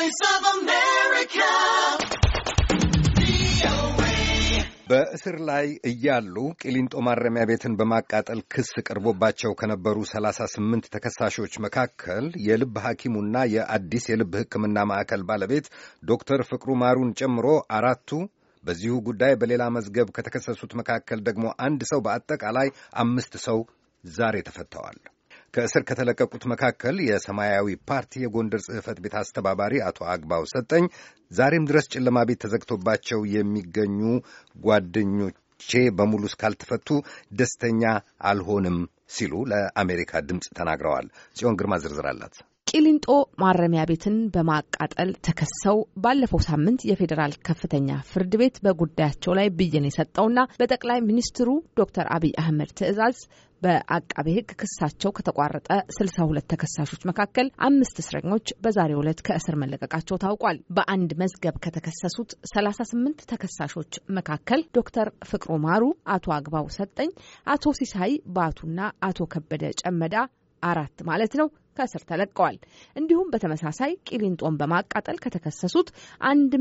Voice of America. በእስር ላይ እያሉ ቂሊንጦ ማረሚያ ቤትን በማቃጠል ክስ ቀርቦባቸው ከነበሩ 38 ተከሳሾች መካከል የልብ ሐኪሙና የአዲስ የልብ ሕክምና ማዕከል ባለቤት ዶክተር ፍቅሩ ማሩን ጨምሮ አራቱ በዚሁ ጉዳይ በሌላ መዝገብ ከተከሰሱት መካከል ደግሞ አንድ ሰው በአጠቃላይ አምስት ሰው ዛሬ ተፈተዋል። ከእስር ከተለቀቁት መካከል የሰማያዊ ፓርቲ የጎንደር ጽህፈት ቤት አስተባባሪ አቶ አግባው ሰጠኝ ዛሬም ድረስ ጨለማ ቤት ተዘግቶባቸው የሚገኙ ጓደኞቼ በሙሉ እስካልተፈቱ ደስተኛ አልሆንም ሲሉ ለአሜሪካ ድምፅ ተናግረዋል። ጽዮን ግርማ ዝርዝር አላት። ቂሊንጦ ማረሚያ ቤትን በማቃጠል ተከሰው ባለፈው ሳምንት የፌዴራል ከፍተኛ ፍርድ ቤት በጉዳያቸው ላይ ብይን የሰጠውና በጠቅላይ ሚኒስትሩ ዶክተር አብይ አህመድ ትዕዛዝ በአቃቤ ሕግ ክሳቸው ከተቋረጠ 62 ሁለት ተከሳሾች መካከል አምስት እስረኞች በዛሬው ዕለት ከእስር መለቀቃቸው ታውቋል። በአንድ መዝገብ ከተከሰሱት 38 ስምንት ተከሳሾች መካከል ዶክተር ፍቅሩ ማሩ፣ አቶ አግባው ሰጠኝ፣ አቶ ሲሳይ ባቱና አቶ ከበደ ጨመዳ አራት ማለት ነው ከእስር ተለቀዋል። እንዲሁም በተመሳሳይ ቂሊንጦን በማቃጠል ከተከሰሱት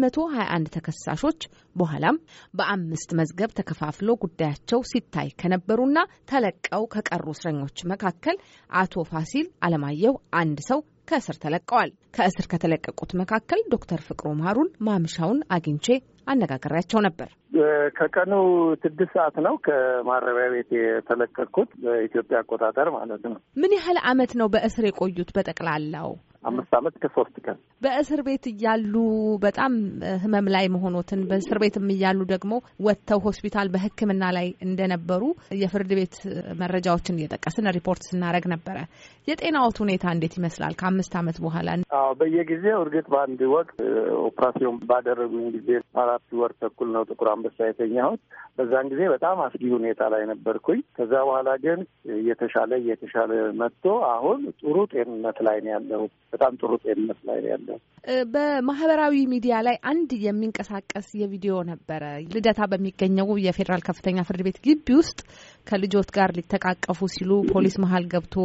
121 ተከሳሾች በኋላም በአምስት መዝገብ ተከፋፍሎ ጉዳያቸው ሲታይ ከነበሩና ተለቀው ከቀሩ እስረኞች መካከል አቶ ፋሲል አለማየሁ አንድ ሰው ከእስር ተለቀዋል። ከእስር ከተለቀቁት መካከል ዶክተር ፍቅሩ ማሩን ማምሻውን አግኝቼ አነጋግሬያቸው ነበር። ከቀኑ ስድስት ሰዓት ነው ከማረቢያ ቤት የተለቀቅኩት በኢትዮጵያ አቆጣጠር ማለት ነው። ምን ያህል አመት ነው በእስር የቆዩት በጠቅላላው? አምስት ዓመት ከሶስት ቀን በእስር ቤት እያሉ በጣም ህመም ላይ መሆኖትን በእስር ቤትም እያሉ ደግሞ ወጥተው ሆስፒታል በህክምና ላይ እንደነበሩ የፍርድ ቤት መረጃዎችን እየጠቀስን ሪፖርት ስናደረግ ነበረ። የጤናዎት ሁኔታ እንዴት ይመስላል? ከአምስት ዓመት በኋላ አዎ፣ በየጊዜው እርግጥ በአንድ ወቅት ኦፕራሲዮን ባደረጉኝ ጊዜ አራት ወር ተኩል ነው ጥቁር አንበሳ የተኛሁት። በዛን ጊዜ በጣም አስጊ ሁኔታ ላይ ነበርኩኝ። ከዛ በኋላ ግን እየተሻለ እየተሻለ መጥቶ አሁን ጥሩ ጤንነት ላይ ነው ያለሁት። በጣም ጥሩ ጤንነት ላይ ያለው። በማህበራዊ ሚዲያ ላይ አንድ የሚንቀሳቀስ የቪዲዮ ነበረ። ልደታ በሚገኘው የፌዴራል ከፍተኛ ፍርድ ቤት ግቢ ውስጥ ከልጆት ጋር ሊተቃቀፉ ሲሉ ፖሊስ መሀል ገብቶ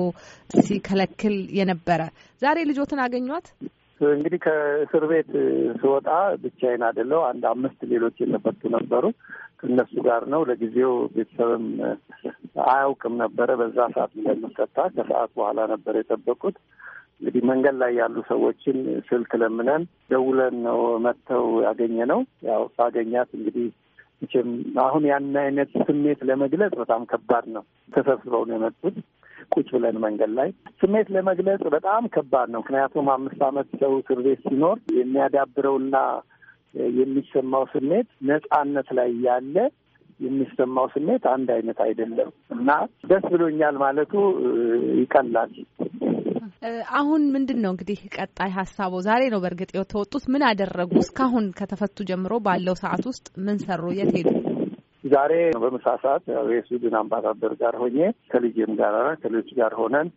ሲከለክል የነበረ ዛሬ ልጆትን አገኟት። እንግዲህ ከእስር ቤት ስወጣ ብቻዬን አይደለሁ። አንድ አምስት ሌሎች የተፈቱ ነበሩ። ከእነሱ ጋር ነው። ለጊዜው ቤተሰብም አያውቅም ነበረ በዛ ሰዓት እንደምፈታ። ከሰዓት በኋላ ነበር የጠበቁት። እንግዲህ መንገድ ላይ ያሉ ሰዎችን ስልክ ለምነን ደውለን ነው መጥተው ያገኘ ነው። ያው ሳገኛት እንግዲህ መቼም አሁን ያን አይነት ስሜት ለመግለጽ በጣም ከባድ ነው። ተሰብስበው ነው የመጡት። ቁጭ ብለን መንገድ ላይ ስሜት ለመግለጽ በጣም ከባድ ነው። ምክንያቱም አምስት ዓመት ሰው እስር ቤት ሲኖር የሚያዳብረውና የሚሰማው ስሜት ነጻነት ላይ ያለ የሚሰማው ስሜት አንድ አይነት አይደለም እና ደስ ብሎኛል ማለቱ ይቀላል። አሁን ምንድን ነው እንግዲህ ቀጣይ ሀሳቦ? ዛሬ ነው በእርግጥ የተወጡት። ምን አደረጉ? እስካሁን ከተፈቱ ጀምሮ ባለው ሰዓት ውስጥ ምን ሰሩ? የት ሄዱ? ዛሬ በምሳ ሰዓት የሱድን አምባሳደር ጋር ሆኜ ከልጅም ጋር ከልጅ ጋር ሆነን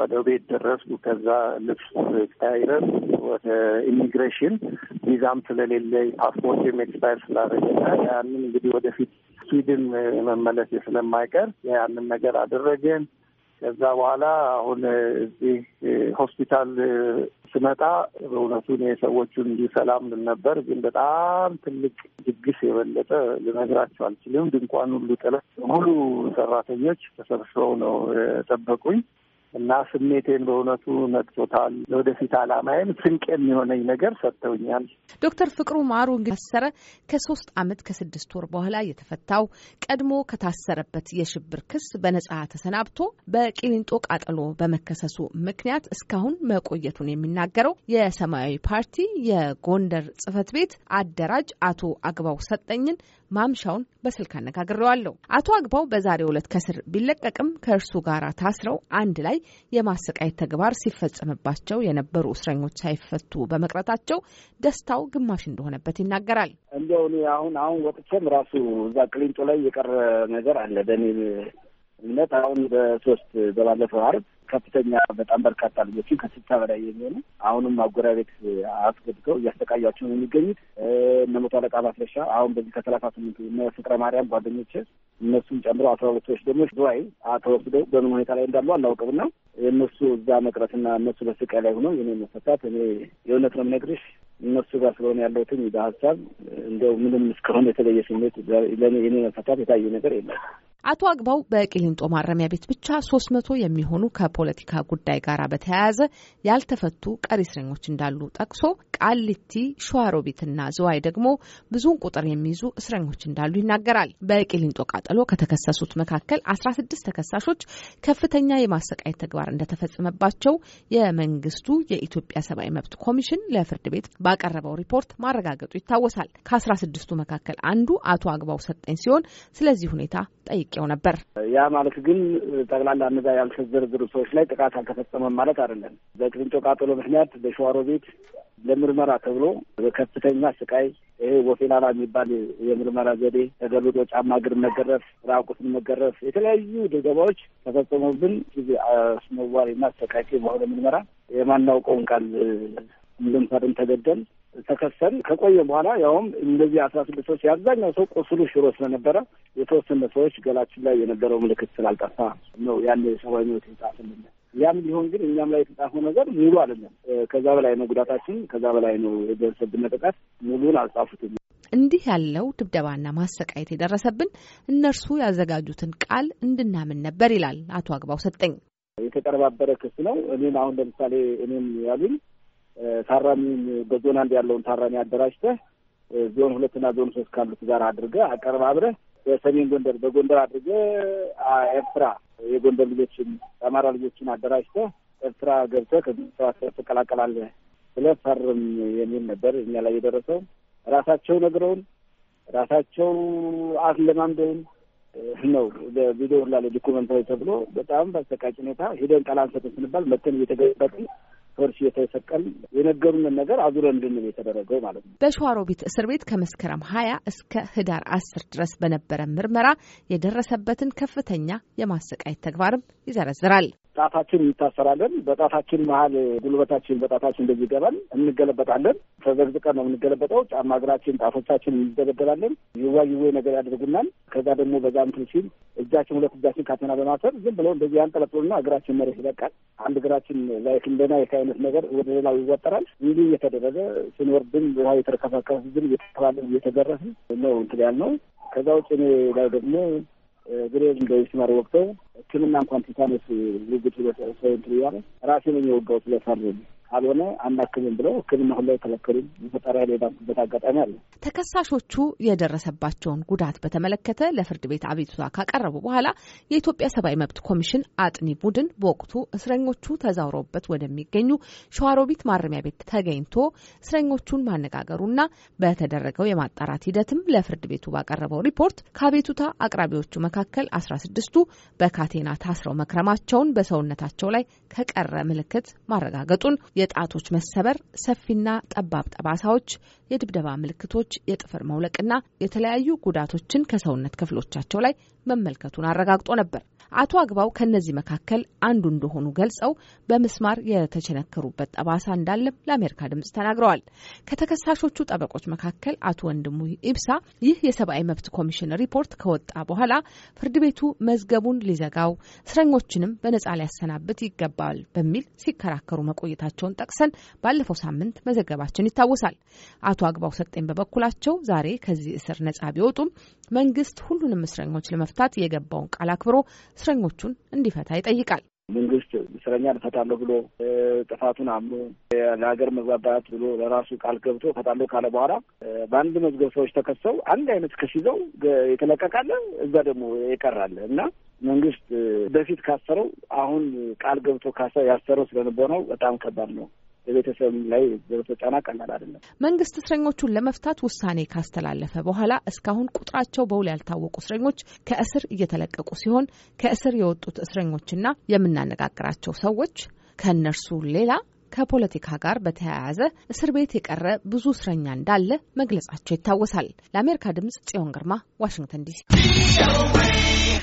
ወደ ቤት ደረስኩ። ከዛ ልብስ ቀያይረን ወደ ኢሚግሬሽን ቪዛም ስለሌለ ፓስፖርት ኤክስፓየር ስላደረገና ያንን እንግዲህ ወደፊት ስዊድን መመለስ ስለማይቀር ያንን ነገር አደረገን። ከዛ በኋላ አሁን እዚህ ሆስፒታል ስመጣ በእውነቱ የሰዎቹን እንዲ ሰላም ብል ነበር፣ ግን በጣም ትልቅ ድግስ የበለጠ ልነግራቸው አልችልም። ድንኳን ሁሉ ጥለት ሙሉ ሰራተኞች ተሰብስበው ነው የጠበቁኝ። እና ስሜቴን በእውነቱ ነጥቶታል። ለወደፊት አላማዬም ስንቅ የሚሆነኝ ነገር ሰጥተውኛል። ዶክተር ፍቅሩ ማሩ ታሰረ ከሶስት ዓመት ከስድስት ወር በኋላ የተፈታው ቀድሞ ከታሰረበት የሽብር ክስ በነጻ ተሰናብቶ በቂሊንጦ ቃጠሎ በመከሰሱ ምክንያት እስካሁን መቆየቱን የሚናገረው የሰማያዊ ፓርቲ የጎንደር ጽህፈት ቤት አደራጅ አቶ አግባው ሰጠኝን ማምሻውን በስልክ አነጋግሬዋለሁ። አቶ አግባው በዛሬ ዕለት ከስር ቢለቀቅም ከእርሱ ጋር ታስረው አንድ ላይ የማሰቃየት ተግባር ሲፈጸምባቸው የነበሩ እስረኞች ሳይፈቱ በመቅረታቸው ደስታው ግማሽ እንደሆነበት ይናገራል። እንዲያው እኔ አሁን አሁን ወጥቼም ራሱ እዛ ቅሊንጦ ላይ የቀረ ነገር አለ በእኔ እምነት አሁን በሶስት በባለፈው አርብ ከፍተኛ በጣም በርካታ ልጆችን ከስልሳ በላይ የሚሆኑ አሁንም ማጎሪያ ቤት አስገድገው እያስተቃያቸው ነው የሚገኙት። እነ መቶ አለቃ ማስረሻ አሁን በዚህ ከሰላሳ ስምንት እነ ፍቅረ ማርያም ጓደኞች እነሱም ጨምሮ አስራ ሁለት ሰዎች ደግሞ ድዋይ ተወስደው በምን ሁኔታ ላይ እንዳሉ አላውቅም። ና የእነሱ እዛ መቅረትና እነሱ በስቃይ ላይ ሆኖ የኔ መፈታት እኔ የእውነት ነው የምነግርሽ እነሱ ጋር ስለሆነ ያለሁትን በሀሳብ እንደው ምንም እስካሁን የተለየ ስሜት ለእኔ የኔ መፈታት የታየ ነገር የለም። አቶ አግባው በቂሊንጦ ማረሚያ ቤት ብቻ ሶስት መቶ የሚሆኑ ከፖለቲካ ጉዳይ ጋር በተያያዘ ያልተፈቱ ቀሪ እስረኞች እንዳሉ ጠቅሶ ቃሊቲ፣ ሸዋሮቢትና ዝዋይ ደግሞ ብዙውን ቁጥር የሚይዙ እስረኞች እንዳሉ ይናገራል። በቅሊንጦ ቃጠሎ ከተከሰሱት መካከል አስራ ስድስት ተከሳሾች ከፍተኛ የማሰቃየት ተግባር እንደተፈጸመባቸው የመንግስቱ የኢትዮጵያ ሰብአዊ መብት ኮሚሽን ለፍርድ ቤት ባቀረበው ሪፖርት ማረጋገጡ ይታወሳል። ከአስራ ስድስቱ መካከል አንዱ አቶ አግባው ሰጠኝ ሲሆን ስለዚህ ሁኔታ ጠይቅ ጠይቄው ነበር። ያ ማለት ግን ጠቅላላ እነዛ ያልተዘረዘሩ ሰዎች ላይ ጥቃት አልተፈጸመም ማለት አይደለም። በቅርንጮ ቃጠሎ ምክንያት በሸዋሮ ቤት ለምርመራ ተብሎ በከፍተኛ ስቃይ ይሄ ወፌላላ የሚባል የምርመራ ዘዴ ተገልጦ ጫማ እግር መገረፍ፣ ራቁትን መገረፍ፣ የተለያዩ ድብደባዎች ተፈጸሙብን። ጊዜ አስነዋሪና አሰቃቂ በሆነ ምርመራ የማናውቀውን ቃል እንድንፈርም ተገደል ተከሰን ከቆየ በኋላ ያውም እንደዚህ አስራ ስድስት ሰዎች የአብዛኛው ሰው ቁስሉ ሽሮ ስለነበረ የተወሰነ ሰዎች ገላችን ላይ የነበረው ምልክት ስላልጠፋ ነው ያለ የሰብአዊ መብት የተጻፈልን። ያም ሊሆን ግን እኛም ላይ የተጻፈው ነገር ሙሉ አይደለም። ከዛ በላይ ነው ጉዳታችን፣ ከዛ በላይ ነው የደረሰብን ጥቃት። ሙሉን አልጻፉትም። እንዲህ ያለው ድብደባና ማሰቃየት የደረሰብን እነርሱ ያዘጋጁትን ቃል እንድናምን ነበር ይላል አቶ አግባው ሰጠኝ። የተቀነባበረ ክስ ነው። እኔም አሁን ለምሳሌ እኔም ያሉኝ ታራሚውን በዞን አንድ ያለውን ታራሚ አደራጅተህ ዞን ሁለትና ዞን ሶስት ካሉት ጋር አድርገህ አቀርባብረህ በሰሜን ጎንደር በጎንደር አድርገህ ኤርትራ የጎንደር ልጆችን የአማራ ልጆችን አደራጅተህ ኤርትራ ገብተህ ከሰዋት ትቀላቀላለህ ብለህ ፈርም የሚል ነበር እኛ ላይ የደረሰው። ራሳቸው ነግረውን ራሳቸው አለማምደውን ነው ቪዲዮ ላለ ዶኩመንታዊ ተብሎ በጣም በአሰቃቂ ሁኔታ ሂደን ቃል አንሰጥም ስንባል መተን እየተገበትን ፈርስ የተሰቀል የነገሩን ነገር አዙረን እንድንል የተደረገው ማለት ነው። በሸዋሮቢት እስር ቤት ከመስከረም ሀያ እስከ ህዳር አስር ድረስ በነበረ ምርመራ የደረሰበትን ከፍተኛ የማሰቃየት ተግባርም ይዘረዝራል። ጣታችን እንታሰራለን። በጣታችን መሀል ጉልበታችን በጣታችን እንደዚህ ይገባል። እንገለበጣለን። ተዘግዝቀን ነው የምንገለበጠው። ጫማ እግራችን፣ ጣቶቻችን እንደበደላለን። ይዋ ነገር ያደርጉናል። ከዛ ደግሞ በዛ እንትን ሲል እጃችን ሁለት እጃችን ካቴና በማሰር ዝም ብለው እንደዚህ ያንጠለጥሉና እግራችን መሬት ይለቃል። አንድ እግራችን ላይክ እንደ ናይክ አይነት ነገር ወደ ሌላው ይወጠራል። እንዲህ እየተደረገ ስንወርድም ውሃ የተረከፋከፍ ዝም እየተባለ እየተገረፍን ነው እንትን ያልነው። ከዛ ውጭ እኔ ላይ ደግሞ ብሬዝ እንደ ሚስማር ወቅተው ህክምና እንኳን ቲታኖስ ዝግጅት ሰንት ያለ ራሴ ነኝ የወጋው ስለሳር ካልሆነ አናክምም ብለው ሕክምና ሁላ የከለከሉ በጠሪያ ሌዳበት አጋጣሚ አለ። ተከሳሾቹ የደረሰባቸውን ጉዳት በተመለከተ ለፍርድ ቤት አቤቱታ ካቀረቡ በኋላ የኢትዮጵያ ሰብአዊ መብት ኮሚሽን አጥኒ ቡድን በወቅቱ እስረኞቹ ተዛውረውበት ወደሚገኙ ሸዋሮቢት ማረሚያ ቤት ተገኝቶ እስረኞቹን ማነጋገሩና በተደረገው የማጣራት ሂደትም ለፍርድ ቤቱ ባቀረበው ሪፖርት ከአቤቱታ አቅራቢዎቹ መካከል አስራ ስድስቱ በካቴና ታስረው መክረማቸውን በሰውነታቸው ላይ ከቀረ ምልክት ማረጋገጡን የጣቶች መሰበር፣ ሰፊና ጠባብ ጠባሳዎች፣ የድብደባ ምልክቶች፣ የጥፍር መውለቅና የተለያዩ ጉዳቶችን ከሰውነት ክፍሎቻቸው ላይ መመልከቱን አረጋግጦ ነበር። አቶ አግባው ከእነዚህ መካከል አንዱ እንደሆኑ ገልጸው በምስማር የተቸነከሩበት ጠባሳ እንዳለም ለአሜሪካ ድምጽ ተናግረዋል። ከተከሳሾቹ ጠበቆች መካከል አቶ ወንድሙ ኢብሳ ይህ የሰብአዊ መብት ኮሚሽን ሪፖርት ከወጣ በኋላ ፍርድ ቤቱ መዝገቡን ሊዘጋው እስረኞችንም በነጻ ሊያሰናብት ይገባል በሚል ሲከራከሩ መቆየታቸውን ጠቅሰን ባለፈው ሳምንት መዘገባችን ይታወሳል። አቶ አግባው ሰጤን በበኩላቸው ዛሬ ከዚህ እስር ነጻ ቢወጡም መንግስት ሁሉንም እስረኞች ለመፍ ለመፍታት የገባውን ቃል አክብሮ እስረኞቹን እንዲፈታ ይጠይቃል። መንግስት እስረኛ እፈታለሁ ብሎ ጥፋቱን አምኖ ለሀገር መግባባት ብሎ ለራሱ ቃል ገብቶ እፈታለሁ ካለ በኋላ በአንድ መዝገብ ሰዎች ተከሰው አንድ አይነት ክስ ይዘው የተለቀቃለ እዛ ደግሞ ይቀራል እና መንግስት በፊት ካሰረው አሁን ቃል ገብቶ ካሰ ያሰረው ስለነበረው በጣም ከባድ ነው። በቤተሰብ ላይ የደረሰው ጫና ቀላል አይደለም። መንግስት እስረኞቹን ለመፍታት ውሳኔ ካስተላለፈ በኋላ እስካሁን ቁጥራቸው በውል ያልታወቁ እስረኞች ከእስር እየተለቀቁ ሲሆን ከእስር የወጡት እስረኞችና የምናነጋግራቸው ሰዎች ከእነርሱ ሌላ ከፖለቲካ ጋር በተያያዘ እስር ቤት የቀረ ብዙ እስረኛ እንዳለ መግለጻቸው ይታወሳል። ለአሜሪካ ድምጽ ጽዮን ግርማ ዋሽንግተን ዲሲ